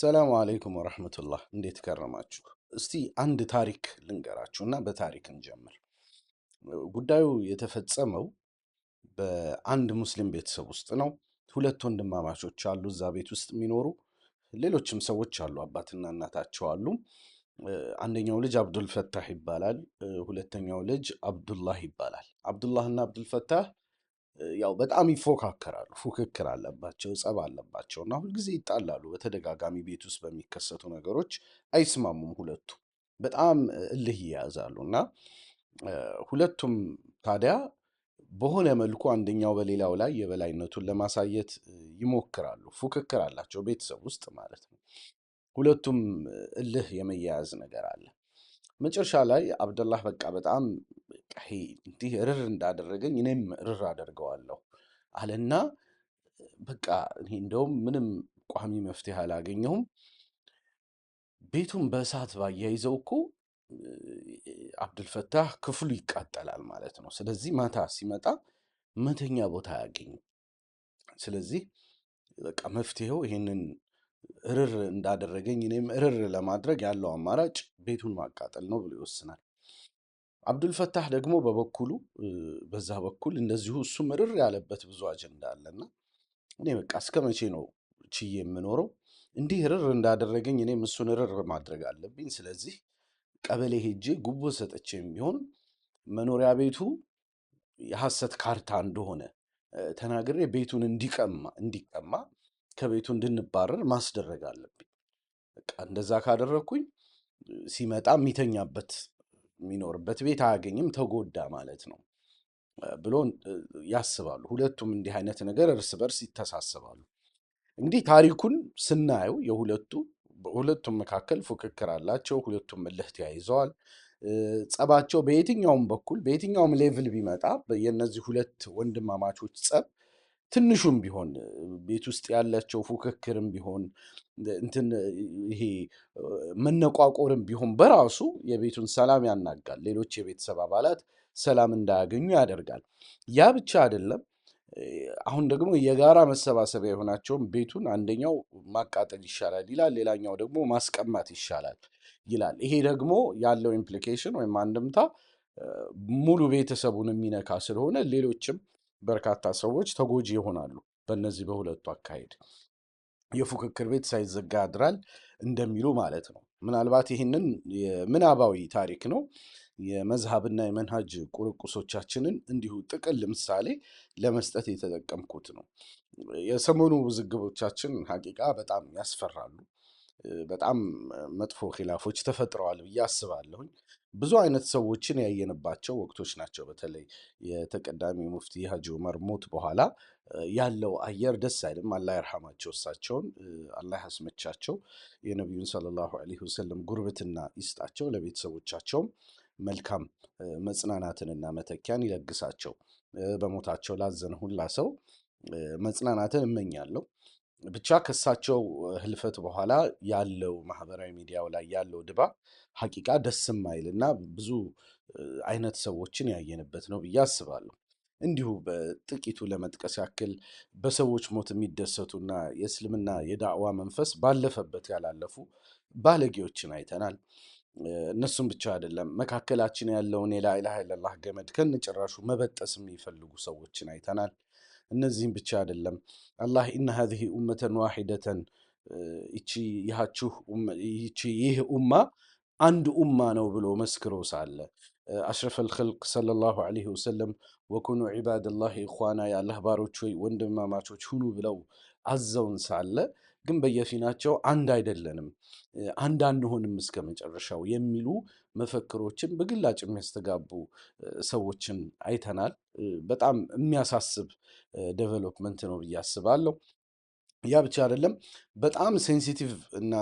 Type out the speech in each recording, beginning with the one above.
ሰላሙ አለይኩም ወረህመቱላህ እንዴት ከረማችሁ? እስቲ አንድ ታሪክ ልንገራችሁ እና በታሪክ እንጀምር። ጉዳዩ የተፈጸመው በአንድ ሙስሊም ቤተሰብ ውስጥ ነው። ሁለት ወንድማማቾች አሉ እዛ ቤት ውስጥ የሚኖሩ ሌሎችም ሰዎች አሉ፣ አባትና እናታቸው አሉ። አንደኛው ልጅ አብዱልፈታህ ይባላል። ሁለተኛው ልጅ አብዱላህ ይባላል። አብዱላህና አብዱልፈታህ ያው በጣም ይፎካከራሉ፣ ፉክክር አለባቸው፣ ጸብ አለባቸው እና ሁልጊዜ ይጣላሉ። በተደጋጋሚ ቤት ውስጥ በሚከሰቱ ነገሮች አይስማሙም። ሁለቱ በጣም እልህ ይያዛሉ እና ሁለቱም ታዲያ በሆነ መልኩ አንደኛው በሌላው ላይ የበላይነቱን ለማሳየት ይሞክራሉ። ፉክክር አላቸው፣ ቤተሰብ ውስጥ ማለት ነው። ሁለቱም እልህ የመያያዝ ነገር አለ። መጨረሻ ላይ አብደላህ በቃ በጣም እንዲህ ርር እንዳደረገኝ እኔም እርር አደርገዋለሁ አለና በቃ እኔ እንደውም ምንም ቋሚ መፍትሄ አላገኘሁም። ቤቱን በእሳት ባያይዘው እኮ አብድልፈታህ ክፍሉ ይቃጠላል ማለት ነው። ስለዚህ ማታ ሲመጣ መተኛ ቦታ ያገኝ ስለዚህ በቃ መፍትሄው ይህንን እርር እንዳደረገኝ እኔም እርር ለማድረግ ያለው አማራጭ ቤቱን ማቃጠል ነው ብሎ ይወስናል። አብዱልፈታህ ደግሞ በበኩሉ በዛ በኩል እንደዚሁ እሱ ምርር ያለበት ብዙ አጀንዳ አለና እኔ በቃ እስከ መቼ ነው ችዬ የምኖረው? እንዲህ ርር እንዳደረገኝ እኔም እሱን ርር ማድረግ አለብኝ። ስለዚህ ቀበሌ ሄጄ ጉቦ ሰጠቼ የሚሆን መኖሪያ ቤቱ የሐሰት ካርታ እንደሆነ ተናግሬ ቤቱን እንዲቀማ እንዲቀማ ከቤቱ እንድንባረር ማስደረግ አለብኝ። በቃ እንደዛ ካደረግኩኝ ሲመጣ የሚተኛበት የሚኖርበት ቤት አያገኝም፣ ተጎዳ ማለት ነው ብሎ ያስባሉ። ሁለቱም እንዲህ አይነት ነገር እርስ በርስ ይተሳሰባሉ። እንግዲህ ታሪኩን ስናየው የሁለቱ በሁለቱም መካከል ፉክክር አላቸው። ሁለቱም እልህ ያይዘዋል ጸባቸው በየትኛውም በኩል በየትኛውም ሌቭል ቢመጣ የነዚህ ሁለት ወንድማማቾች ጸብ ትንሹም ቢሆን ቤት ውስጥ ያላቸው ፉክክርም ቢሆን እንትን ይሄ መነቋቆርም ቢሆን በራሱ የቤቱን ሰላም ያናጋል። ሌሎች የቤተሰብ አባላት ሰላም እንዳያገኙ ያደርጋል። ያ ብቻ አይደለም። አሁን ደግሞ የጋራ መሰባሰቢያ የሆናቸውን ቤቱን አንደኛው ማቃጠል ይሻላል ይላል፣ ሌላኛው ደግሞ ማስቀማት ይሻላል ይላል። ይሄ ደግሞ ያለው ኢምፕሊኬሽን ወይም አንድምታ ሙሉ ቤተሰቡን የሚነካ ስለሆነ ሌሎችም በርካታ ሰዎች ተጎጂ ይሆናሉ። በእነዚህ በሁለቱ አካሄድ የፉክክር ቤት ሳይዘጋ ያድራል እንደሚሉ ማለት ነው። ምናልባት ይህንን የምናባዊ ታሪክ ነው። የመዝሃብና የመንሃጅ ቁርቁሶቻችንን እንዲሁ ጥቅል ምሳሌ ለመስጠት የተጠቀምኩት ነው። የሰሞኑ ውዝግቦቻችን ሀቂቃ በጣም ያስፈራሉ። በጣም መጥፎ ኪላፎች ተፈጥረዋል ብዬ አስባለሁኝ። ብዙ አይነት ሰዎችን ያየንባቸው ወቅቶች ናቸው። በተለይ የተቀዳሚ ሙፍቲ ሀጂ ዑመር ሞት በኋላ ያለው አየር ደስ አይልም። አላህ ይርሃማቸው፣ እሳቸውን አላህ ያስመቻቸው፣ የነቢዩን ሰለላሁ ዐለይሂ ወሰለም ጉርብትና ይስጣቸው፣ ለቤተሰቦቻቸውም መልካም መጽናናትንና መተኪያን ይለግሳቸው። በሞታቸው ላዘነ ሁላ ሰው መጽናናትን እመኛለሁ። ብቻ ከእሳቸው ህልፈት በኋላ ያለው ማህበራዊ ሚዲያው ላይ ያለው ድባብ ሀቂቃ ደስ አይል እና ብዙ አይነት ሰዎችን ያየንበት ነው ብዬ አስባለሁ። እንዲሁ በጥቂቱ ለመጥቀስ ያክል በሰዎች ሞት የሚደሰቱና የእስልምና የዳዕዋ መንፈስ ባለፈበት ያላለፉ ባለጌዎችን አይተናል። እነሱም ብቻ አይደለም፣ መካከላችን ያለውን የላኢላሃ ኢለላህ ገመድ ከነጭራሹ መበጠስ የሚፈልጉ ሰዎችን አይተናል። እነዚህም ብቻ አይደለም አላህ ኢነ ሀዚህ ኡመተን ዋሂደተን ይቺ ይህ ኡማ አንድ ኡማ ነው ብሎ መስክሮ ሳለ አሽረፍ አልክልቅ ሰለላሁ ዐለይሂ ወሰለም ወኩኑ ዒባደላህ ኢኽዋና የአላህ ባሮች ወይ ወንድማማቾች ሁኑ ብለው አዘውን ሳለ ግን በየፊናቸው አንድ አይደለንም፣ አንድ አንሆንም እስከ መጨረሻው የሚሉ መፈክሮችን በግላጭ የሚያስተጋቡ ሰዎችን አይተናል። በጣም የሚያሳስብ ዴቨሎፕመንት ነው ብዬ አስባለሁ። ያ ብቻ አይደለም። በጣም ሴንሲቲቭ እና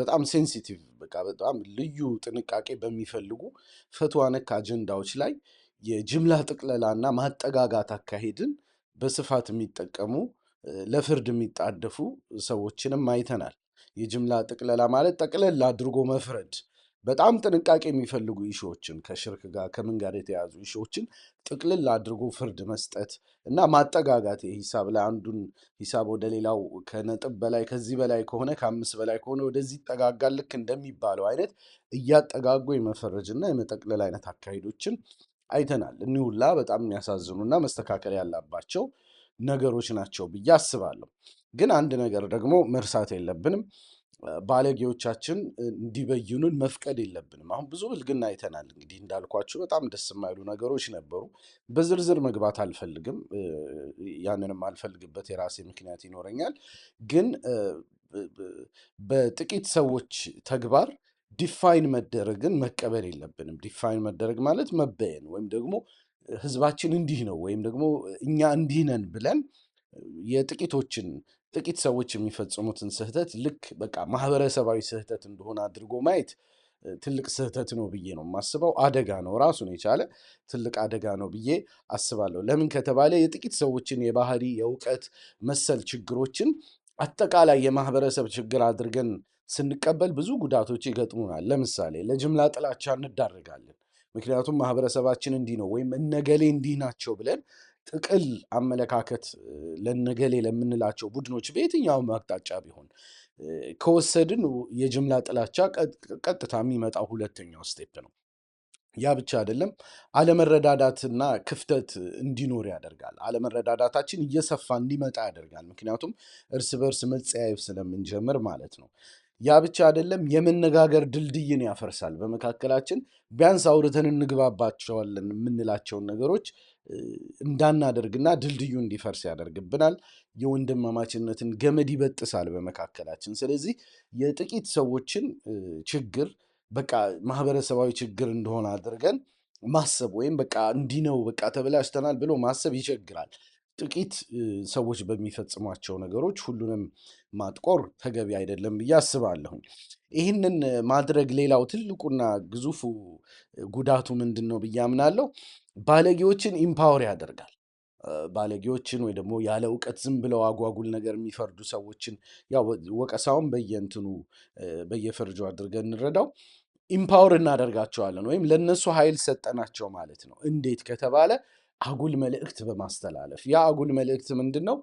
በጣም ሴንሲቲቭ በቃ በጣም ልዩ ጥንቃቄ በሚፈልጉ ፈትዋ ነክ አጀንዳዎች ላይ የጅምላ ጥቅለላ እና ማጠጋጋት አካሄድን በስፋት የሚጠቀሙ ለፍርድ የሚጣደፉ ሰዎችንም አይተናል። የጅምላ ጥቅለላ ማለት ጠቅለል አድርጎ መፍረድ በጣም ጥንቃቄ የሚፈልጉ ኢሾዎችን ከሽርክ ጋር ከምን ጋር የተያዙ ኢሾዎችን ጥቅልል አድርጎ ፍርድ መስጠት እና ማጠጋጋት ሂሳብ ላይ አንዱን ሂሳብ ወደ ሌላው ከነጥብ በላይ ከዚህ በላይ ከሆነ ከአምስት በላይ ከሆነ ወደዚህ ይጠጋጋል ልክ እንደሚባለው አይነት እያጠጋጎ የመፈረጅ እና የመጠቅለል አይነት አካሄዶችን አይተናል። እኒሁላ በጣም የሚያሳዝኑ እና መስተካከል ያላባቸው ነገሮች ናቸው ብዬ አስባለሁ። ግን አንድ ነገር ደግሞ መርሳት የለብንም። ባለጌዎቻችን እንዲበይኑን መፍቀድ የለብንም። አሁን ብዙ ብልግና አይተናል። እንግዲህ እንዳልኳቸው በጣም ደስ የማይሉ ነገሮች ነበሩ። በዝርዝር መግባት አልፈልግም። ያንንም አልፈልግበት የራሴ ምክንያት ይኖረኛል። ግን በጥቂት ሰዎች ተግባር ዲፋይን መደረግን መቀበል የለብንም። ዲፋይን መደረግ ማለት መበየን ወይም ደግሞ ህዝባችን እንዲህ ነው ወይም ደግሞ እኛ እንዲህ ነን ብለን የጥቂቶችን ጥቂት ሰዎች የሚፈጽሙትን ስህተት ልክ በቃ ማህበረሰባዊ ስህተት እንደሆነ አድርጎ ማየት ትልቅ ስህተት ነው ብዬ ነው የማስበው። አደጋ ነው፣ ራሱን የቻለ ትልቅ አደጋ ነው ብዬ አስባለሁ። ለምን ከተባለ የጥቂት ሰዎችን የባህሪ የእውቀት መሰል ችግሮችን አጠቃላይ የማህበረሰብ ችግር አድርገን ስንቀበል ብዙ ጉዳቶች ይገጥሙናል። ለምሳሌ ለጅምላ ጥላቻ እንዳረጋለን። ምክንያቱም ማህበረሰባችን እንዲህ ነው ወይም እነገሌ እንዲህ ናቸው ብለን ጥቅል አመለካከት ለነገሌ ለምንላቸው ቡድኖች በየትኛውም አቅጣጫ ቢሆን ከወሰድን የጅምላ ጥላቻ ቀጥታ የሚመጣው ሁለተኛው ስቴፕ ነው። ያ ብቻ አይደለም፣ አለመረዳዳትና ክፍተት እንዲኖር ያደርጋል። አለመረዳዳታችን እየሰፋ እንዲመጣ ያደርጋል። ምክንያቱም እርስ በርስ መጸያየፍ ስለምንጀምር ማለት ነው። ያ ብቻ አይደለም፣ የመነጋገር ድልድይን ያፈርሳል። በመካከላችን ቢያንስ አውርተን እንግባባቸዋለን የምንላቸውን ነገሮች እንዳናደርግና ድልድዩ እንዲፈርስ ያደርግብናል። የወንድማማችነትን ገመድ ይበጥሳል በመካከላችን። ስለዚህ የጥቂት ሰዎችን ችግር በቃ ማህበረሰባዊ ችግር እንደሆነ አድርገን ማሰብ ወይም በቃ እንዲህ ነው በቃ ተበላሽተናል ብሎ ማሰብ ይቸግራል። ጥቂት ሰዎች በሚፈጽሟቸው ነገሮች ሁሉንም ማጥቆር ተገቢ አይደለም ብዬ አስባለሁኝ። ይህንን ማድረግ ሌላው ትልቁና ግዙፉ ጉዳቱ ምንድን ነው ብዬ አምናለሁ፣ ባለጌዎችን ኢምፓወር ያደርጋል። ባለጌዎችን ወይ ደግሞ ያለ እውቀት ዝም ብለው አጓጉል ነገር የሚፈርዱ ሰዎችን ያው ወቀሳውን በየእንትኑ በየፈርጁ አድርገን እንረዳው ኢምፓወር እናደርጋቸዋለን ወይም ለእነሱ ኃይል ሰጠናቸው ማለት ነው። እንዴት ከተባለ አጉል መልእክት በማስተላለፍ ያ አጉል መልእክት ምንድን ነው?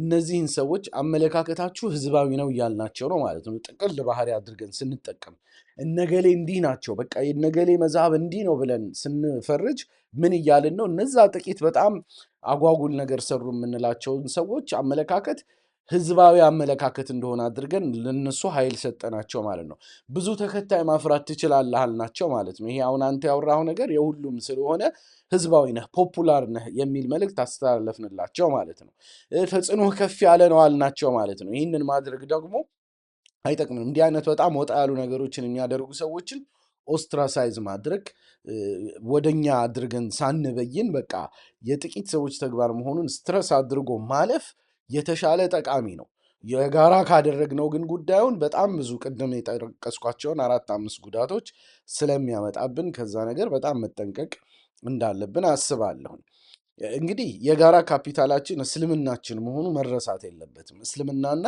እነዚህን ሰዎች አመለካከታችሁ ህዝባዊ ነው እያልናቸው ነው ማለት ነው። ጥቅል ባህሪ አድርገን ስንጠቀም እነገሌ እንዲህ ናቸው፣ በቃ የነገሌ መዛሀብ እንዲህ ነው ብለን ስንፈርጅ ምን እያልን ነው? እነዛ ጥቂት በጣም አጓጉል ነገር ሰሩ የምንላቸውን ሰዎች አመለካከት ህዝባዊ አመለካከት እንደሆነ አድርገን ለነሱ ኃይል ሰጠናቸው ማለት ነው። ብዙ ተከታይ ማፍራት ትችላለህ አልናቸው ማለት ነው። ይሄ አሁን አንተ ያወራው ነገር የሁሉም ስለሆነ ህዝባዊ ነህ፣ ፖፑላር ነህ የሚል መልእክት አስተላለፍንላቸው ማለት ነው። ተጽዕኖ ከፍ ያለ ነው አልናቸው ማለት ነው። ይህንን ማድረግ ደግሞ አይጠቅምም። እንዲህ አይነት በጣም ወጣ ያሉ ነገሮችን የሚያደርጉ ሰዎችን ኦስትራሳይዝ ማድረግ ወደኛ አድርገን ሳንበይን በቃ የጥቂት ሰዎች ተግባር መሆኑን ስትረስ አድርጎ ማለፍ የተሻለ ጠቃሚ ነው። የጋራ ካደረግነው ግን ጉዳዩን በጣም ብዙ ቅድም የጠቀስኳቸውን አራት አምስት ጉዳቶች ስለሚያመጣብን ከዛ ነገር በጣም መጠንቀቅ እንዳለብን አስባለሁ። እንግዲህ የጋራ ካፒታላችን እስልምናችን መሆኑ መረሳት የለበትም። እስልምናና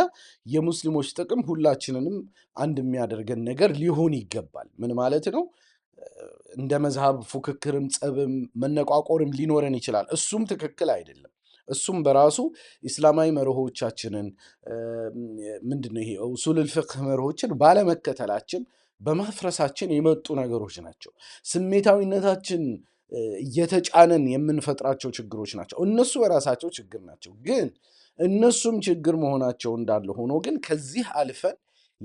የሙስሊሞች ጥቅም ሁላችንንም አንድ የሚያደርገን ነገር ሊሆን ይገባል። ምን ማለት ነው? እንደ መዝሃብ ፉክክርም፣ ጸብም፣ መነቋቆርም ሊኖረን ይችላል። እሱም ትክክል አይደለም። እሱም በራሱ ኢስላማዊ መርሆቻችንን ምንድነው ይሄ ኡሱሉል ፊቅህ መርሆችን ባለመከተላችን በማፍረሳችን የመጡ ነገሮች ናቸው። ስሜታዊነታችን እየተጫነን የምንፈጥራቸው ችግሮች ናቸው። እነሱ በራሳቸው ችግር ናቸው። ግን እነሱም ችግር መሆናቸው እንዳለ ሆኖ ግን ከዚህ አልፈን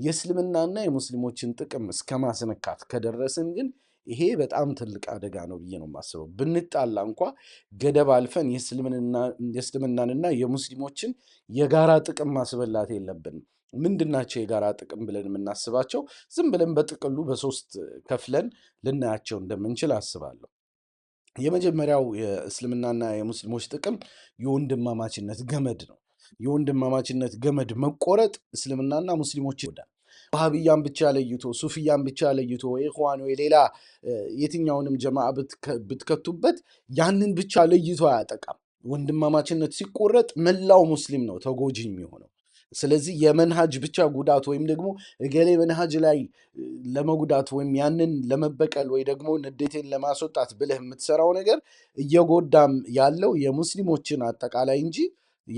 የእስልምናና የሙስሊሞችን ጥቅም እስከ ማስነካት ከደረስን ግን ይሄ በጣም ትልቅ አደጋ ነው ብዬ ነው የማስበው። ብንጣላ እንኳ ገደብ አልፈን የእስልምናንና የሙስሊሞችን የጋራ ጥቅም ማስበላት የለብንም። ምንድናቸው የጋራ ጥቅም ብለን የምናስባቸው? ዝም ብለን በጥቅሉ በሶስት ከፍለን ልናያቸው እንደምንችል አስባለሁ። የመጀመሪያው የእስልምናና የሙስሊሞች ጥቅም የወንድማማችነት ገመድ ነው። የወንድማማችነት ገመድ መቆረጥ እስልምናና ሙስሊሞች ይወዳል። ዋሃብያን ብቻ ለይቶ ሱፍያን ብቻ ለይቶ ወይ ኢኽዋን ወይ ሌላ የትኛውንም ጀማ ብትከቱበት ያንን ብቻ ለይቶ አያጠቃም። ወንድማማችነት ሲቆረጥ መላው ሙስሊም ነው ተጎጂ የሚሆነው። ስለዚህ የመንሃጅ ብቻ ጉዳት ወይም ደግሞ እገሌ መንሃጅ ላይ ለመጉዳት ወይም ያንን ለመበቀል ወይ ደግሞ ንዴቴን ለማስወጣት ብለህ የምትሰራው ነገር እየጎዳም ያለው የሙስሊሞችን አጠቃላይ እንጂ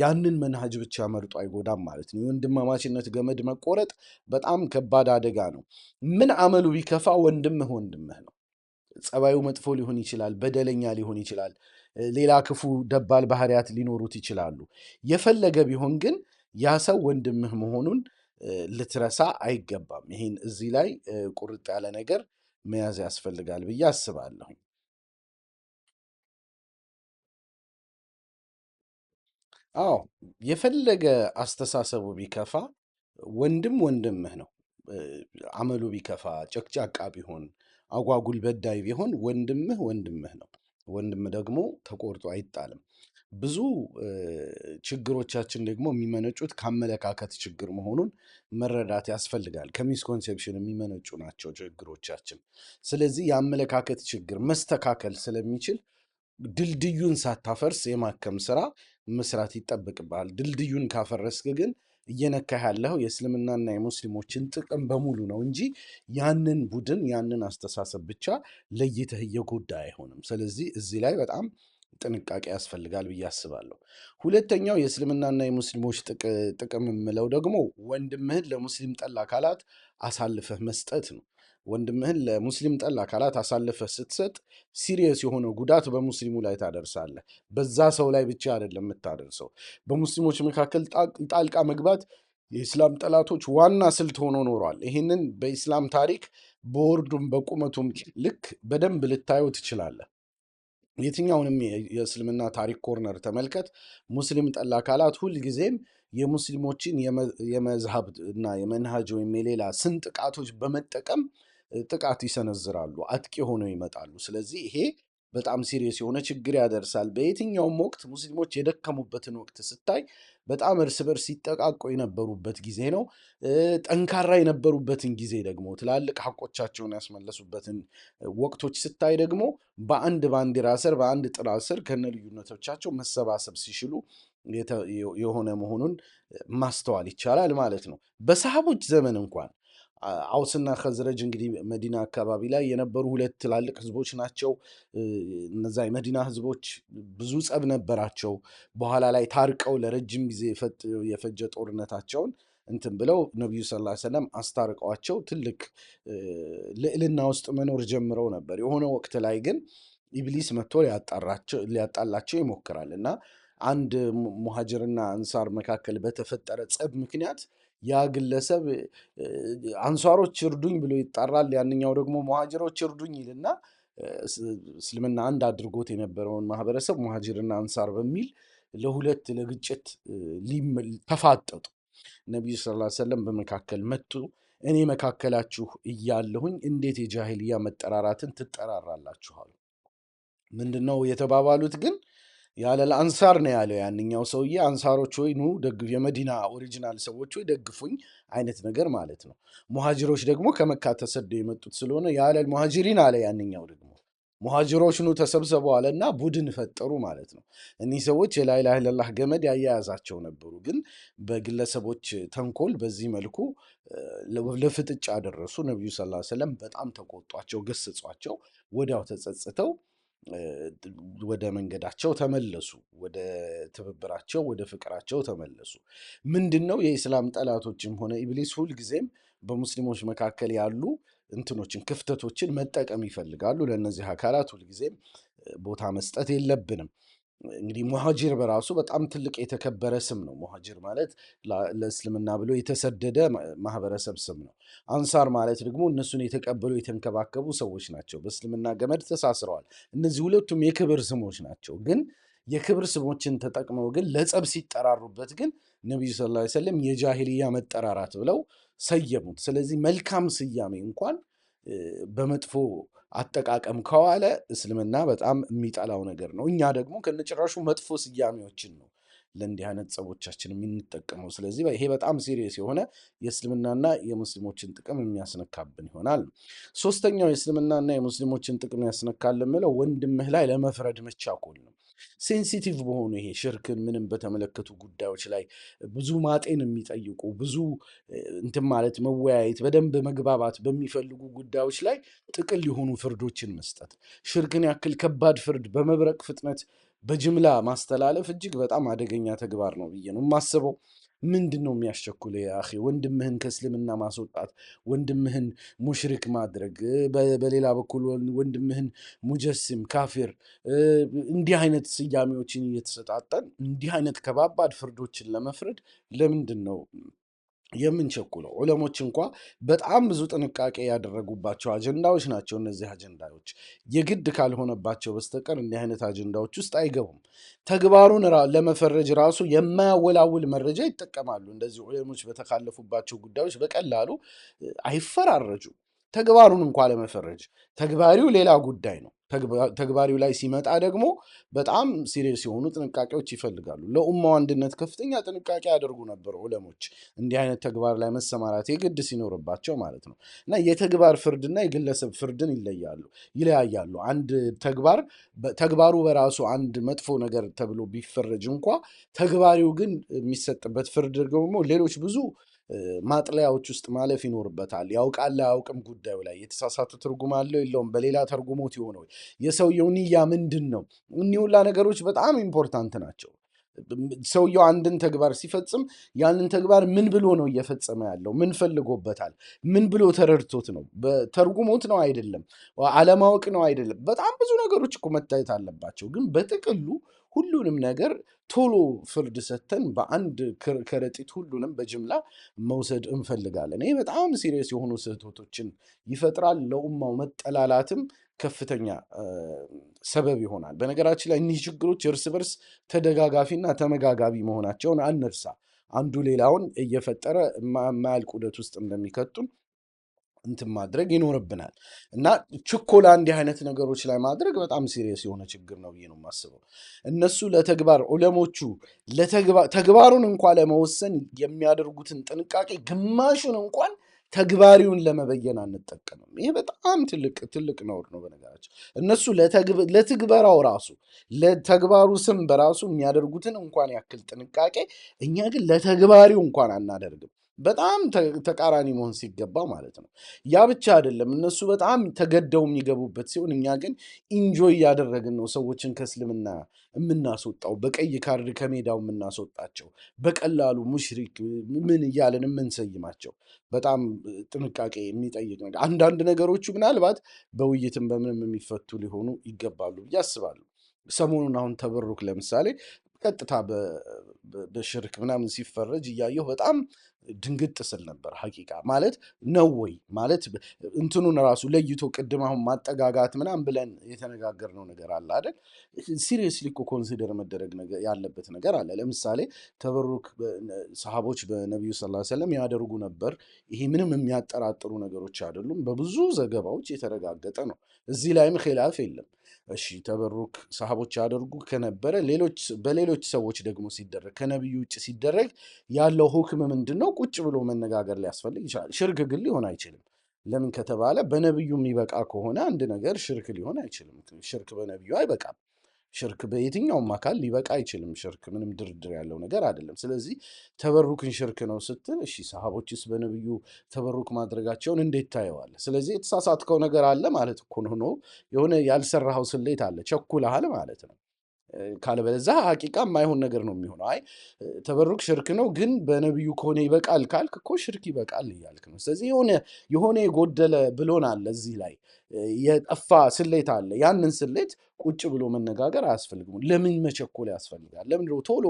ያንን መንሃጅ ብቻ መርጦ አይጎዳም ማለት ነው። የወንድማማችነት ገመድ መቆረጥ በጣም ከባድ አደጋ ነው። ምን አመሉ ቢከፋ ወንድምህ ወንድምህ ነው። ጸባዩ መጥፎ ሊሆን ይችላል፣ በደለኛ ሊሆን ይችላል፣ ሌላ ክፉ ደባል ባህሪያት ሊኖሩት ይችላሉ። የፈለገ ቢሆን ግን ያ ሰው ወንድምህ መሆኑን ልትረሳ አይገባም። ይህን እዚህ ላይ ቁርጥ ያለ ነገር መያዝ ያስፈልጋል ብዬ አስባለሁ። አዎ የፈለገ አስተሳሰቡ ቢከፋ ወንድም ወንድምህ ነው። አመሉ ቢከፋ፣ ጨቅጫቃ ቢሆን፣ አጓጉል በዳይ ቢሆን ወንድምህ ወንድምህ ነው። ወንድም ደግሞ ተቆርጦ አይጣልም። ብዙ ችግሮቻችን ደግሞ የሚመነጩት ከአመለካከት ችግር መሆኑን መረዳት ያስፈልጋል። ከሚስኮንሴፕሽን የሚመነጩ ናቸው ችግሮቻችን። ስለዚህ የአመለካከት ችግር መስተካከል ስለሚችል ድልድዩን ሳታፈርስ የማከም ስራ መስራት ይጠበቅብሃል። ድልድዩን ካፈረስክ ግን እየነካ ያለው የእስልምናና የሙስሊሞችን ጥቅም በሙሉ ነው እንጂ ያንን ቡድን ያንን አስተሳሰብ ብቻ ለይተህ እየጎዳ አይሆንም። ስለዚህ እዚህ ላይ በጣም ጥንቃቄ ያስፈልጋል ብዬ አስባለሁ። ሁለተኛው የእስልምናና የሙስሊሞች ጥቅም የምለው ደግሞ ወንድምህን ለሙስሊም ጠል አካላት አሳልፈህ መስጠት ነው። ወንድምህን ለሙስሊም ጠል አካላት አሳልፈ ስትሰጥ ሲሪየስ የሆነ ጉዳት በሙስሊሙ ላይ ታደርሳለህ። በዛ ሰው ላይ ብቻ አይደለም የምታደርሰው። በሙስሊሞች መካከል ጣልቃ መግባት የኢስላም ጠላቶች ዋና ስልት ሆኖ ኖሯል። ይህንን በኢስላም ታሪክ በወርዱም በቁመቱም ልክ በደንብ ልታየው ትችላለህ። የትኛውንም የእስልምና ታሪክ ኮርነር ተመልከት። ሙስሊም ጠል አካላት ሁልጊዜም የሙስሊሞችን የመዝሀብ እና የመንሃጅ ወይም የሌላ ስንጥቃቶች በመጠቀም ጥቃት ይሰነዝራሉ፣ አጥቂ ሆነው ይመጣሉ። ስለዚህ ይሄ በጣም ሲሪየስ የሆነ ችግር ያደርሳል። በየትኛውም ወቅት ሙስሊሞች የደከሙበትን ወቅት ስታይ በጣም እርስ በርስ ሲጠቃቆ የነበሩበት ጊዜ ነው። ጠንካራ የነበሩበትን ጊዜ ደግሞ ትላልቅ ሀቆቻቸውን ያስመለሱበትን ወቅቶች ስታይ ደግሞ በአንድ ባንዲራ ስር በአንድ ጥላ ስር ከነ ልዩነቶቻቸው መሰባሰብ ሲችሉ የሆነ መሆኑን ማስተዋል ይቻላል ማለት ነው። በሰሃቦች ዘመን እንኳን አውስና ከዝረጅ እንግዲህ መዲና አካባቢ ላይ የነበሩ ሁለት ትላልቅ ህዝቦች ናቸው። እነዛ የመዲና ህዝቦች ብዙ ጸብ ነበራቸው። በኋላ ላይ ታርቀው ለረጅም ጊዜ የፈጀ ጦርነታቸውን እንትን ብለው ነቢዩ ሰለላሁ ሰለም አስታርቀዋቸው ትልቅ ልዕልና ውስጥ መኖር ጀምረው ነበር። የሆነ ወቅት ላይ ግን ኢብሊስ መጥቶ ሊያጣላቸው ይሞክራል እና አንድ ሙሃጅርና አንሳር መካከል በተፈጠረ ጸብ ምክንያት ያ ግለሰብ አንሷሮች እርዱኝ ብሎ ይጣራል። ያንኛው ደግሞ መሀጅሮች እርዱኝ ይልና እስልምና አንድ አድርጎት የነበረውን ማህበረሰብ መሀጅርና አንሳር በሚል ለሁለት ለግጭት ተፋጠጡ። ነቢዩ ስ ሰለም በመካከል መጡ። እኔ መካከላችሁ እያለሁኝ እንዴት የጃሂልያ መጠራራትን ትጠራራላችኋሉ? ምንድን ነው የተባባሉት ግን ያለ አንሳር ነው ያለው ያንኛው ሰውዬ። አንሳሮች ወይ ኑ የመዲና ኦሪጂናል ሰዎች ወይ ደግፉኝ አይነት ነገር ማለት ነው። ሙሃጅሮች ደግሞ ከመካ ተሰደው የመጡት ስለሆነ ያለ ሙሃጅሪን አለ ያንኛው ደግሞ። ሙሃጅሮች ኑ ተሰብሰቡ አለና ቡድን ፈጠሩ ማለት ነው። እኒህ ሰዎች የላይላ ለላህ ገመድ ያያያዛቸው ነበሩ፣ ግን በግለሰቦች ተንኮል በዚህ መልኩ ለፍጥጫ ደረሱ። ነቢዩ ስ ዐለይሂ በጣም ተቆጧቸው፣ ገሰጿቸው። ወዲያው ተጸጽተው ወደ መንገዳቸው ተመለሱ፣ ወደ ትብብራቸው፣ ወደ ፍቅራቸው ተመለሱ። ምንድን ነው የኢስላም ጠላቶችም ሆነ ኢብሊስ ሁልጊዜም በሙስሊሞች መካከል ያሉ እንትኖችን ክፍተቶችን መጠቀም ይፈልጋሉ። ለእነዚህ አካላት ሁልጊዜም ቦታ መስጠት የለብንም። እንግዲህ ሙሃጅር በራሱ በጣም ትልቅ የተከበረ ስም ነው። ሙሃጅር ማለት ለእስልምና ብሎ የተሰደደ ማህበረሰብ ስም ነው። አንሳር ማለት ደግሞ እነሱን የተቀበሉ የተንከባከቡ ሰዎች ናቸው። በእስልምና ገመድ ተሳስረዋል። እነዚህ ሁለቱም የክብር ስሞች ናቸው። ግን የክብር ስሞችን ተጠቅመው ግን ለጸብ ሲጠራሩበት ግን ነቢዩ ሰለላሁ ዐለይሂ ወሰለም የጃሂልያ መጠራራት ብለው ሰየሙት። ስለዚህ መልካም ስያሜ እንኳን በመጥፎ አጠቃቀም ከዋለ እስልምና በጣም የሚጠላው ነገር ነው። እኛ ደግሞ ከነጭራሹ መጥፎ ስያሜዎችን ነው ለእንዲህ አይነት ጸቦቻችን የምንጠቀመው። ስለዚህ ይሄ በጣም ሲሪየስ የሆነ የእስልምናና የሙስሊሞችን ጥቅም የሚያስነካብን ይሆናል። ሶስተኛው የእስልምናና የሙስሊሞችን ጥቅም ያስነካል የምለው ወንድምህ ላይ ለመፍረድ መቻኮል ነው። ሴንሲቲቭ በሆኑ ይሄ ሽርክን ምንም በተመለከቱ ጉዳዮች ላይ ብዙ ማጤን የሚጠይቁ ብዙ እንትን ማለት መወያየት፣ በደንብ መግባባት በሚፈልጉ ጉዳዮች ላይ ጥቅል የሆኑ ፍርዶችን መስጠት ሽርክን ያክል ከባድ ፍርድ በመብረቅ ፍጥነት በጅምላ ማስተላለፍ እጅግ በጣም አደገኛ ተግባር ነው ብዬ ነው የማስበው። ምንድን ነው የሚያስቸኩለ? ያኺ ወንድምህን ከእስልምና ማስወጣት፣ ወንድምህን ሙሽሪክ ማድረግ፣ በሌላ በኩል ወንድምህን ሙጀስም ካፊር፣ እንዲህ አይነት ስያሜዎችን እየተሰጣጠን እንዲህ አይነት ከባባድ ፍርዶችን ለመፍረድ ለምንድን ነው የምንቸኩለው ዑለሞች እንኳ በጣም ብዙ ጥንቃቄ ያደረጉባቸው አጀንዳዎች ናቸው። እነዚህ አጀንዳዎች የግድ ካልሆነባቸው በስተቀር እንዲህ አይነት አጀንዳዎች ውስጥ አይገቡም። ተግባሩን ለመፈረጅ ራሱ የማያወላውል መረጃ ይጠቀማሉ። እንደዚህ ዑለሞች በተካለፉባቸው ጉዳዮች በቀላሉ አይፈራረጁም። ተግባሩን እንኳ ለመፈረጅ ተግባሪው ሌላ ጉዳይ ነው። ተግባሪው ላይ ሲመጣ ደግሞ በጣም ሲሪየስ የሆኑ ጥንቃቄዎች ይፈልጋሉ። ለኡማው አንድነት ከፍተኛ ጥንቃቄ ያደርጉ ነበር ዑለሞች እንዲህ አይነት ተግባር ላይ መሰማራት የግድ ሲኖርባቸው ማለት ነው። እና የተግባር ፍርድና የግለሰብ ፍርድን ይለያሉ ይለያያሉ። አንድ ተግባር ተግባሩ በራሱ አንድ መጥፎ ነገር ተብሎ ቢፈረጅ እንኳ ተግባሪው ግን የሚሰጥበት ፍርድ ደግሞ ሌሎች ብዙ ማጥለያዎች ውስጥ ማለፍ ይኖርበታል። ያውቃል አያውቅም ጉዳዩ ላይ የተሳሳተ ትርጉም አለው የለውም፣ በሌላ ተርጉሞት የሆነው የሰውየው ንያ ምንድን ነው? እኒህ ሁላ ነገሮች በጣም ኢምፖርታንት ናቸው። ሰውየው አንድን ተግባር ሲፈጽም ያንን ተግባር ምን ብሎ ነው እየፈጸመ ያለው? ምን ፈልጎበታል? ምን ብሎ ተረድቶት ነው? ተርጉሞት ነው አይደለም? አለማወቅ ነው አይደለም? በጣም ብዙ ነገሮች እኮ መታየት አለባቸው። ግን በጥቅሉ ሁሉንም ነገር ቶሎ ፍርድ ሰተን በአንድ ከረጢት ሁሉንም በጅምላ መውሰድ እንፈልጋለን። ይህ በጣም ሲሪየስ የሆኑ ስህተቶችን ይፈጥራል። ለኡማው መጠላላትም ከፍተኛ ሰበብ ይሆናል። በነገራችን ላይ እኒህ ችግሮች እርስ በርስ ተደጋጋፊና ተመጋጋቢ መሆናቸውን አንርሳ። አንዱ ሌላውን እየፈጠረ ማያልቅ ዑደት ውስጥ እንደሚከቱን እንትን ማድረግ ይኖርብናል እና ችኮላ እንዲህ አይነት ነገሮች ላይ ማድረግ በጣም ሲሪየስ የሆነ ችግር ነው ብዬ ነው የማስበው። እነሱ ለተግባር ዑለሞቹ ተግባሩን እንኳ ለመወሰን የሚያደርጉትን ጥንቃቄ ግማሹን እንኳን ተግባሪውን ለመበየን አንጠቀምም። ይሄ በጣም ትልቅ ትልቅ ነውር ነው። በነገራችን እነሱ ለትግበራው ራሱ ለተግባሩ ስም በራሱ የሚያደርጉትን እንኳን ያክል ጥንቃቄ እኛ ግን ለተግባሪው እንኳን አናደርግም። በጣም ተቃራኒ መሆን ሲገባ ማለት ነው። ያ ብቻ አይደለም፣ እነሱ በጣም ተገደው የሚገቡበት ሲሆን እኛ ግን ኢንጆይ እያደረግን ነው ሰዎችን ከእስልምና የምናስወጣው፣ በቀይ ካርድ ከሜዳው የምናስወጣቸው፣ በቀላሉ ሙሽሪክ ምን እያለን የምንሰይማቸው። በጣም ጥንቃቄ የሚጠይቅ ነገር። አንዳንድ ነገሮቹ ምናልባት በውይይትም በምንም የሚፈቱ ሊሆኑ ይገባሉ ብዬ አስባለሁ። ሰሞኑን አሁን ተበሩክ ለምሳሌ ቀጥታ በሽርክ ምናምን ሲፈረጅ እያየሁ በጣም ድንግጥ ስል ነበር። ሀቂቃ ማለት ነው ወይ ማለት እንትኑን ራሱ ለይቶ ቅድም አሁን ማጠጋጋት ምናምን ብለን የተነጋገርነው ነገር አለ አይደል? ሲሪየስሊ እኮ ኮንሲደር መደረግ ያለበት ነገር አለ። ለምሳሌ ተበሩክ ሰሃቦች በነቢዩ ስላ ዐለይሂ ያደርጉ ነበር። ይሄ ምንም የሚያጠራጥሩ ነገሮች አይደሉም። በብዙ ዘገባዎች የተረጋገጠ ነው። እዚህ ላይም ኺላፍ የለም። እሺ ተበሩክ ሰሃቦች ያደርጉ ከነበረ ሌሎች በሌሎች ሰዎች ደግሞ ሲደረግ ከነቢዩ ውጭ ሲደረግ ያለው ሁክም ምንድን ነው? ቁጭ ብሎ መነጋገር ሊያስፈልግ ይችላል። ሽርክ ግን ሊሆን አይችልም። ለምን ከተባለ በነቢዩ የሚበቃ ከሆነ አንድ ነገር ሽርክ ሊሆን አይችልም። ሽርክ በነቢዩ አይበቃም። ሽርክ በየትኛውም አካል ሊበቃ አይችልም። ሽርክ ምንም ድርድር ያለው ነገር አይደለም። ስለዚህ ተበሩክን ሽርክ ነው ስትል፣ እሺ ሰሃቦችስ በነብዩ ተበሩክ ማድረጋቸውን እንዴት ታየዋለህ? ስለዚህ የተሳሳትከው ነገር አለ ማለት እኮ ሆኖ የሆነ ያልሰራኸው ስሌት አለ፣ ቸኩለሃል ማለት ነው። ካለበለዛ ሀቂቃ የማይሆን ነገር ነው የሚሆነው። አይ ተበሩክ ሽርክ ነው፣ ግን በነቢዩ ከሆነ ይበቃል ካልክ እኮ ሽርክ ይበቃል እያልክ ነው። ስለዚህ የሆነ የሆነ የጎደለ ብሎን አለ እዚህ ላይ የጠፋ ስሌት አለ። ያንን ስሌት ቁጭ ብሎ መነጋገር አያስፈልግም። ለምን መቸኮል ያስፈልጋል? ለምን ቶሎ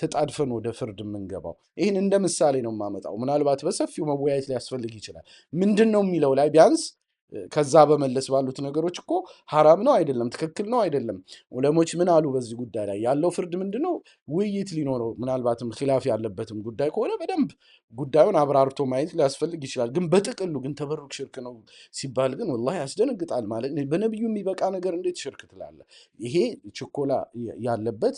ተጣድፈን ወደ ፍርድ የምንገባው? ይህን እንደ ምሳሌ ነው የማመጣው። ምናልባት በሰፊው መወያየት ሊያስፈልግ ይችላል። ምንድን ነው የሚለው ላይ ቢያንስ ከዛ በመለስ ባሉት ነገሮች እኮ ሀራም ነው አይደለም፣ ትክክል ነው አይደለም። ዑለሞች ምን አሉ በዚህ ጉዳይ ላይ ያለው ፍርድ ምንድነው ውይይት ሊኖረው ምናልባትም ኪላፍ ያለበትም ጉዳይ ከሆነ በደንብ ጉዳዩን አብራርቶ ማየት ሊያስፈልግ ይችላል። ግን በጥቅሉ ግን ተበሩክ ሽርክ ነው ሲባል ግን ወላሂ ያስደነግጣል። ማለት በነቢዩ የሚበቃ ነገር እንዴት ሽርክ ትላለ ይሄ ችኮላ ያለበት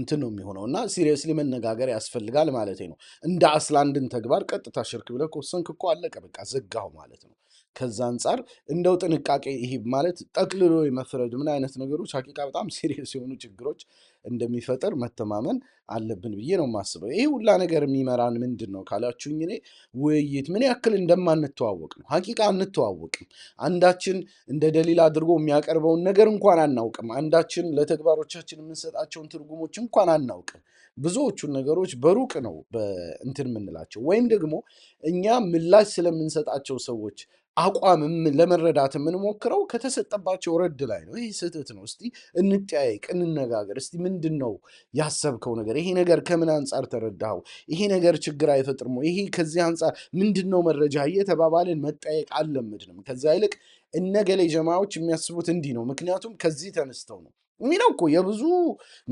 እንትን ነው የሚሆነው እና ሲሪየስሊ መነጋገር ያስፈልጋል ማለት ነው። እንደ አስላንድን ተግባር ቀጥታ ሽርክ ብለህ ከወሰንክ እኮ አለቀ፣ በቃ ዘጋው ማለት ነው። ከዛ አንጻር እንደው ጥንቃቄ ይሄ ማለት ጠቅልሎ የመፍረድ ምን አይነት ነገሮች ሀቂቃ በጣም ሲሪየስ የሆኑ ችግሮች እንደሚፈጠር መተማመን አለብን ብዬ ነው የማስበው። ይሄ ሁላ ነገር የሚመራን ምንድን ነው ካላችሁኝ፣ እኔ ውይይት ምን ያክል እንደማንተዋወቅ ነው። ሀቂቃ አንተዋወቅም። አንዳችን እንደ ደሊል አድርጎ የሚያቀርበውን ነገር እንኳን አናውቅም። አንዳችን ለተግባሮቻችን የምንሰጣቸውን ትርጉሞች እንኳን አናውቅም። ብዙዎቹን ነገሮች በሩቅ ነው እንትን የምንላቸው ወይም ደግሞ እኛ ምላሽ ስለምንሰጣቸው ሰዎች አቋምም ለመረዳት የምንሞክረው ከተሰጠባቸው ረድ ላይ ነው። ይህ ስህተት ነው፣ እስቲ እንጠያየቅ፣ እንነጋገር። እስቲ ምንድን ነው ያሰብከው ነገር? ይሄ ነገር ከምን አንጻር ተረዳኸው? ይሄ ነገር ችግር አይፈጥርም? ይሄ ከዚህ አንጻር ምንድን ነው መረጃ? እየተባባልን መጠየቅ አለምድንም። ከዛ ይልቅ እነገሌ ጀማዎች የሚያስቡት እንዲህ ነው፣ ምክንያቱም ከዚህ ተነስተው ነው የሚለው እኮ የብዙ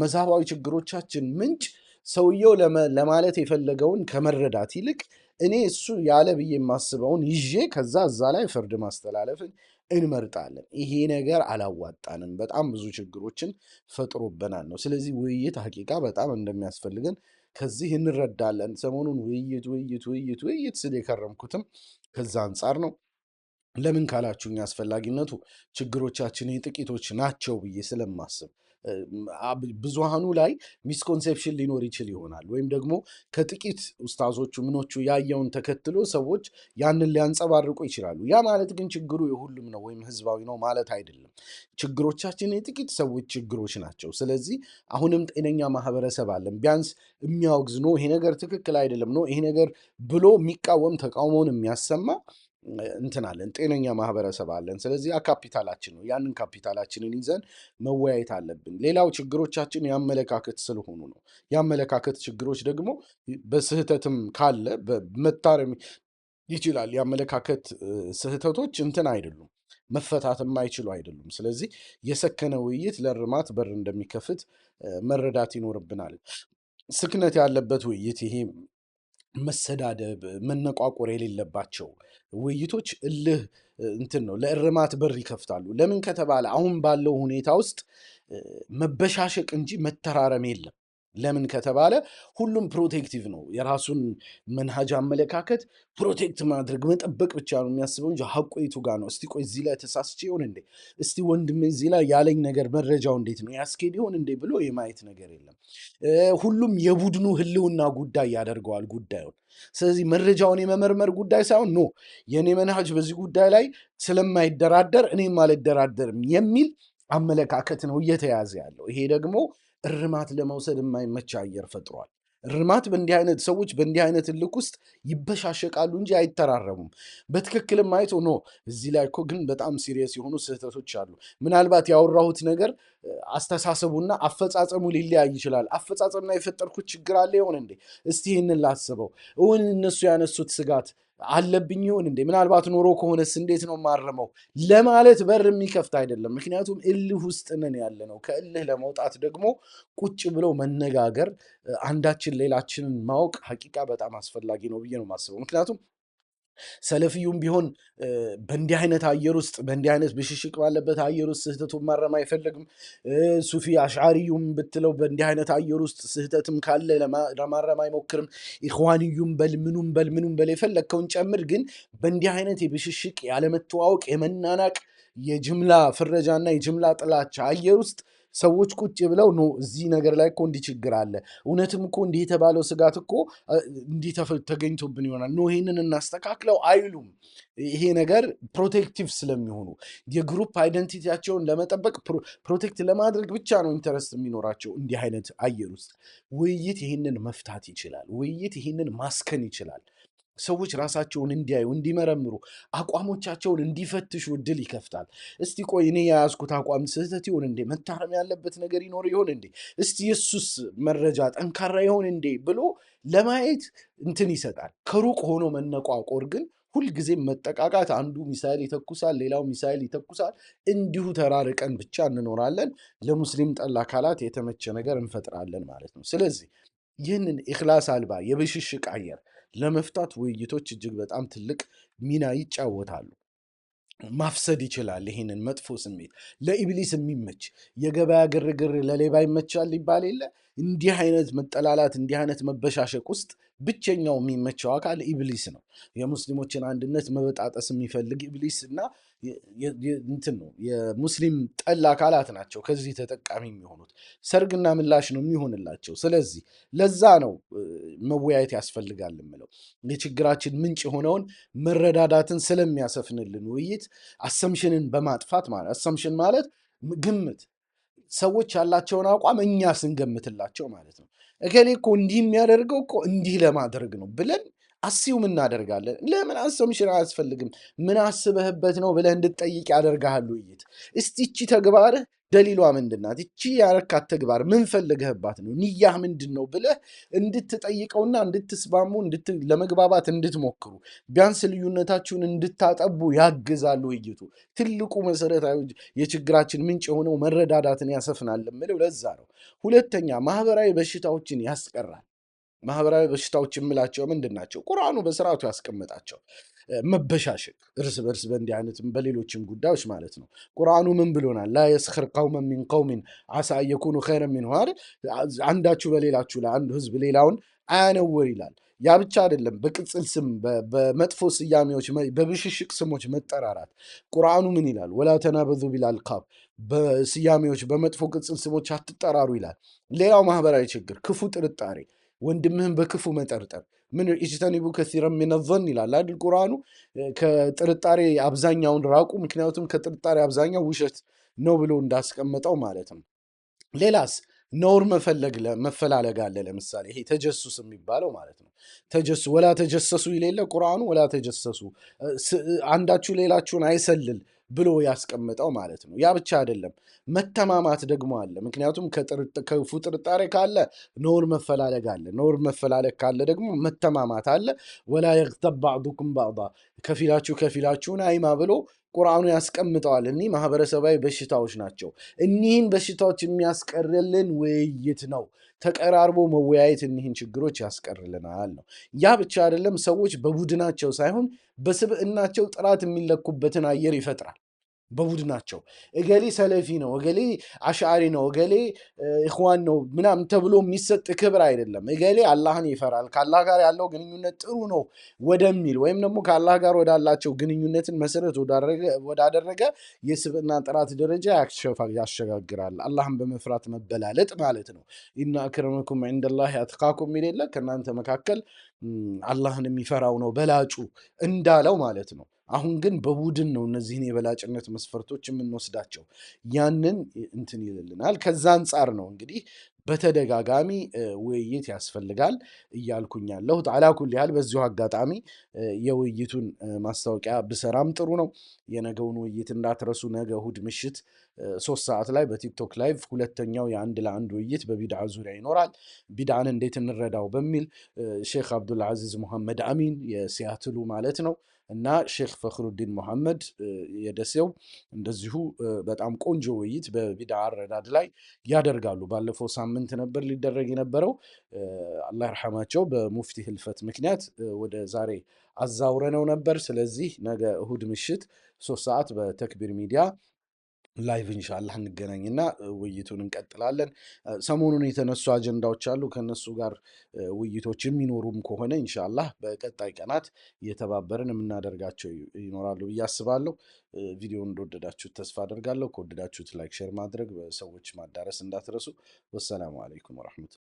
መዛባዊ ችግሮቻችን ምንጭ ሰውየው ለማለት የፈለገውን ከመረዳት ይልቅ እኔ እሱ ያለ ብዬ የማስበውን ይዤ ከዛ እዛ ላይ ፍርድ ማስተላለፍን እንመርጣለን። ይሄ ነገር አላዋጣንም፣ በጣም ብዙ ችግሮችን ፈጥሮብናል ነው። ስለዚህ ውይይት ሀቂቃ በጣም እንደሚያስፈልገን ከዚህ እንረዳለን። ሰሞኑን ውይይት ውይይት ውይይት ውይይት ስል የከረምኩትም ከዛ አንጻር ነው። ለምን ካላችሁኝ አስፈላጊነቱ ችግሮቻችን ጥቂቶች ናቸው ብዬ ስለማስብ ብዙሃኑ ላይ ሚስኮንሴፕሽን ሊኖር ይችል ይሆናል ወይም ደግሞ ከጥቂት ውስታዞቹ ምኖቹ ያየውን ተከትሎ ሰዎች ያንን ሊያንጸባርቁ ይችላሉ። ያ ማለት ግን ችግሩ የሁሉም ነው ወይም ህዝባዊ ነው ማለት አይደለም። ችግሮቻችን የጥቂት ሰዎች ችግሮች ናቸው። ስለዚህ አሁንም ጤነኛ ማህበረሰብ አለን። ቢያንስ የሚያወግዝ ነው፣ ይሄ ነገር ትክክል አይደለም ነው፣ ይሄ ነገር ብሎ የሚቃወም ተቃውሞውን የሚያሰማ እንትን አለን ጤነኛ ማህበረሰብ አለን። ስለዚህ ያ ካፒታላችን ነው። ያንን ካፒታላችንን ይዘን መወያየት አለብን። ሌላው ችግሮቻችን የአመለካከት ስለሆኑ ነው። የአመለካከት ችግሮች ደግሞ በስህተትም ካለ መታረም ይችላል። የአመለካከት ስህተቶች እንትን አይደሉም፣ መፈታት የማይችሉ አይደሉም። ስለዚህ የሰከነ ውይይት ለርማት በር እንደሚከፍት መረዳት ይኖርብናል። ስክነት ያለበት ውይይት ይሄ መሰዳደብ፣ መነቋቆር የሌለባቸው ውይይቶች እልህ እንትን ነው ለእርማት በር ይከፍታሉ። ለምን ከተባለ አሁን ባለው ሁኔታ ውስጥ መበሻሸቅ እንጂ መተራረም የለም። ለምን ከተባለ ሁሉም ፕሮቴክቲቭ ነው። የራሱን መንሃጅ አመለካከት ፕሮቴክት ማድረግ መጠበቅ ብቻ ነው የሚያስበው እንጂ ሀቁ የቱ ጋር ነው? እስቲ ቆይ እዚህ ላይ ተሳስቼ ይሆን እንዴ? እስቲ ወንድሜ እዚህ ላይ ያለኝ ነገር መረጃው እንዴት ነው ያስኬድ ይሆን እንዴ ብሎ የማየት ነገር የለም። ሁሉም የቡድኑ ህልውና ጉዳይ ያደርገዋል ጉዳዩን። ስለዚህ መረጃውን የመመርመር ጉዳይ ሳይሆን ኖ የእኔ መንሃጅ በዚህ ጉዳይ ላይ ስለማይደራደር እኔም አልደራደርም የሚል አመለካከት ነው እየተያዘ ያለው። ይሄ ደግሞ እርማት ለመውሰድ የማይመች አየር ፈጥሯል። እርማት በእንዲህ አይነት ሰዎች በእንዲህ አይነት እልክ ውስጥ ይበሻሸቃሉ እንጂ አይተራረሙም። በትክክልም አይቶ ኖ እዚህ ላይ እኮ ግን በጣም ሲሪየስ የሆኑ ስህተቶች አሉ። ምናልባት ያወራሁት ነገር አስተሳሰቡና አፈጻጸሙ ሊለያይ ይችላል። አፈጻጸምና የፈጠርኩት ችግር አለ ይሆን እንዴ? እስቲ ይህንን ላስበው። እውን እነሱ ያነሱት ስጋት አለብኝ ይሆን እንዴ? ምናልባት ኖሮ ከሆነስ እንዴት ነው ማረመው ለማለት በር የሚከፍት አይደለም። ምክንያቱም እልህ ውስጥ ነን ያለ ነው። ከእልህ ለመውጣት ደግሞ ቁጭ ብለው መነጋገር፣ አንዳችን ሌላችንን ማወቅ ሀቂቃ በጣም አስፈላጊ ነው ብዬ ነው የማስበው። ምክንያቱም ሰለፊዩም ቢሆን በእንዲህ አይነት አየር ውስጥ በእንዲህ አይነት ብሽሽቅ ባለበት አየር ውስጥ ስህተቱን ማረም አይፈልግም። ሱፊ አሽዓሪዩም ብትለው በእንዲህ አይነት አየር ውስጥ ስህተትም ካለ ለማረም አይሞክርም። ኢኽዋንዩም በልምኑም በልምኑም በል በል የፈለግከውን ጨምር። ግን በእንዲህ አይነት የብሽሽቅ ያለመተዋወቅ፣ የመናናቅ፣ የጅምላ ፍረጃና የጅምላ ጥላቻ አየር ውስጥ ሰዎች ቁጭ ብለው ኖ እዚህ ነገር ላይ እኮ እንዲህ ችግር አለ፣ እውነትም እኮ እንዲህ የተባለው ስጋት እኮ እንዲህ ተገኝቶብን ይሆናል፣ ኖ ይህንን እናስተካክለው አይሉም። ይሄ ነገር ፕሮቴክቲቭ ስለሚሆኑ የግሩፕ አይደንቲቲያቸውን ለመጠበቅ ፕሮቴክት ለማድረግ ብቻ ነው ኢንተረስት የሚኖራቸው። እንዲህ አይነት አየር ውስጥ ውይይት ይህንን መፍታት ይችላል። ውይይት ይህንን ማስከን ይችላል። ሰዎች ራሳቸውን እንዲያዩ እንዲመረምሩ፣ አቋሞቻቸውን እንዲፈትሹ እድል ይከፍታል። እስቲ ቆይ እኔ የያዝኩት አቋም ስህተት ይሆን እንዴ? መታረም ያለበት ነገር ይኖር ይሆን እንዴ? እስቲ የሱስ መረጃ ጠንካራ ይሆን እንዴ ብሎ ለማየት እንትን ይሰጣል። ከሩቅ ሆኖ መነቋቆር ግን ሁልጊዜም መጠቃቃት፣ አንዱ ሚሳይል ይተኩሳል፣ ሌላው ሚሳይል ይተኩሳል። እንዲሁ ተራርቀን ብቻ እንኖራለን። ለሙስሊም ጠል አካላት የተመቸ ነገር እንፈጥራለን ማለት ነው። ስለዚህ ይህንን ኢኽላስ አልባ የብሽሽቅ አየር ለመፍታት ውይይቶች እጅግ በጣም ትልቅ ሚና ይጫወታሉ። ማፍሰድ ይችላል። ይህንን መጥፎ ስሜት ለኢብሊስ የሚመች የገበያ ግርግር ለሌባ ይመቻል ይባል የለ። እንዲህ አይነት መጠላላት፣ እንዲህ አይነት መበሻሸቅ ውስጥ ብቸኛው የሚመቸው አካል ኢብሊስ ነው። የሙስሊሞችን አንድነት መበጣጠስ የሚፈልግ ኢብሊስ እና እንትን ነው የሙስሊም ጠል አካላት ናቸው ከዚህ ተጠቃሚ የሚሆኑት። ሰርግና ምላሽ ነው የሚሆንላቸው። ስለዚህ ለዛ ነው መወያየት ያስፈልጋል የምለው የችግራችን ምንጭ የሆነውን መረዳዳትን ስለሚያሰፍንልን ውይይት አሰምሽንን በማጥፋት ማለት አሰምሽን ማለት ግምት ሰዎች ያላቸውን አቋም እኛ ስንገምትላቸው ማለት ነው። እገሌ እኮ እንዲህ የሚያደርገው እኮ እንዲህ ለማድረግ ነው ብለን አስዩም እናደርጋለን። ለምን አሰምሽን አያስፈልግም። ምን አስበህበት ነው ብለህ እንድትጠይቅ ያደርግሃል ውይይት። እስቲቺ ተግባርህ ደሊሏ ምንድናት? እቺ ያረካት ተግባር ምን ፈልገህባት ነው? ንያህ ምንድን ነው ብለህ እንድትጠይቀውና እንድትስማሙ ለመግባባት እንድትሞክሩ ቢያንስ ልዩነታችሁን እንድታጠቡ ያግዛሉ። ውይይቱ ትልቁ መሰረታዊ የችግራችን ምንጭ የሆነው መረዳዳትን ያሰፍናል የምለው ለዛ ነው። ሁለተኛ ማህበራዊ በሽታዎችን ያስቀራል። ማህበራዊ በሽታዎች የምላቸው ምንድን ናቸው? ቁርአኑ በስርዓቱ ያስቀምጣቸው። መበሻሸቅ እርስ በርስ በእንዲህ አይነትም በሌሎችም ጉዳዮች ማለት ነው። ቁርአኑ ምን ብሎናል? ላ የስኽር ቀውመ ሚን ቀውሚን አሳ የኩኑ ኸይረን ሚን አይደል? አንዳችሁ በሌላችሁ ላይ አንዱ ህዝብ ሌላውን አያነውር ይላል። ያ ብቻ አይደለም። በቅጽል ስም፣ በመጥፎ ስያሜዎች፣ በብሽሽቅ ስሞች መጠራራት ቁርአኑ ምን ይላል? ወላ ተናበዙ ቢላል ቢልአልቃብ በስያሜዎች በመጥፎ ቅጽል ስሞች አትጠራሩ ይላል። ሌላው ማህበራዊ ችግር ክፉ ጥርጣሬ፣ ወንድምህን በክፉ መጠርጠር ምን ኢጅተኒቡ ከሲረን ሚነዘን ይላል አይደል ቁርአኑ። ከጥርጣሬ አብዛኛውን ራቁ፣ ምክንያቱም ከጥርጣሬ አብዛኛው ውሸት ነው ብሎ እንዳስቀመጠው ማለት ነው። ሌላስ ነውር መፈለግ መፈላለግ አለ። ለምሳሌ ይሄ ተጀሱስ የሚባለው ማለት ነው። ተጀሱ ወላ ተጀሰሱ ይሌለ ቁርአኑ ወላ ተጀሰሱ አንዳችሁ ሌላችሁን አይሰልል ብሎ ያስቀመጠው ማለት ነው። ያ ብቻ አይደለም፣ መተማማት ደግሞ አለ። ምክንያቱም ክፉ ጥርጣሬ ካለ ኖር መፈላለግ አለ። ኖር መፈላለግ ካለ ደግሞ መተማማት አለ። ወላ የግተብ ባዕዱኩም ባዕዳ ከፊላችሁ ከፊላችሁን አይማ ብሎ ቁርአኑ ያስቀምጠዋል። እኒህ ማህበረሰባዊ በሽታዎች ናቸው። እኒህን በሽታዎች የሚያስቀርልን ውይይት ነው። ተቀራርቦ መወያየት እኒህን ችግሮች ያስቀርልናል ነው። ያ ብቻ አይደለም፣ ሰዎች በቡድናቸው ሳይሆን በስብዕናቸው ጥራት የሚለኩበትን አየር ይፈጥራል። በቡድናቸው እገሌ ሰለፊ ነው፣ እገሌ አሻሪ ነው፣ እገሌ ኢኽዋን ነው ምናምን ተብሎ የሚሰጥ ክብር አይደለም። እገሌ አላህን ይፈራል፣ ከአላህ ጋር ያለው ግንኙነት ጥሩ ነው ወደሚል ወይም ደግሞ ከአላህ ጋር ወዳላቸው ግንኙነትን መሰረት ወዳደረገ የስብዕና ጥራት ደረጃ ያሸጋግራል። አላህን በመፍራት መበላለጥ ማለት ነው። ኢና አክረመኩም ዒንደላሂ አትቃኩም የሚል የለ ከእናንተ መካከል አላህን የሚፈራው ነው በላጩ እንዳለው ማለት ነው። አሁን ግን በቡድን ነው እነዚህን የበላጭነት መስፈርቶች የምንወስዳቸው። ያንን እንትን ይልልናል። ከዛ አንጻር ነው እንግዲህ በተደጋጋሚ ውይይት ያስፈልጋል እያልኩኝ ያለሁት። አላኩል ያህል በዚሁ አጋጣሚ የውይይቱን ማስታወቂያ ብሰራም ጥሩ ነው። የነገውን ውይይት እንዳትረሱ። ነገ ሁድ ምሽት ሶስት ሰዓት ላይ በቲክቶክ ላይቭ ሁለተኛው የአንድ ለአንድ ውይይት በቢድዓ ዙሪያ ይኖራል። ቢድዓን እንዴት እንረዳው በሚል ሼክ አብዱልዓዚዝ ሙሐመድ አሚን የሲያትሉ ማለት ነው እና ሼክ ፈክሩዲን መሐመድ የደሴው እንደዚሁ በጣም ቆንጆ ውይይት በቢዳ አረዳድ ላይ ያደርጋሉ። ባለፈው ሳምንት ነበር ሊደረግ የነበረው። አላህ ይርሐማቸው በሙፍቲ ህልፈት ምክንያት ወደ ዛሬ አዛውረነው ነበር። ስለዚህ ነገ እሁድ ምሽት ሶስት ሰዓት በተክቢር ሚዲያ ላይቭ እንገናኝ እንገናኝና ውይይቱን እንቀጥላለን። ሰሞኑን የተነሱ አጀንዳዎች አሉ። ከነሱ ጋር ውይይቶች የሚኖሩም ከሆነ እንሻላ በቀጣይ ቀናት እየተባበርን የምናደርጋቸው ይኖራሉ ብዬ አስባለሁ። ቪዲዮውን እንደወደዳችሁት ተስፋ አደርጋለሁ። ከወደዳችሁት ላይክ፣ ሼር ማድረግ በሰዎች ማዳረስ እንዳትረሱ። ወሰላሙ አለይኩም ወረሕመቱላህ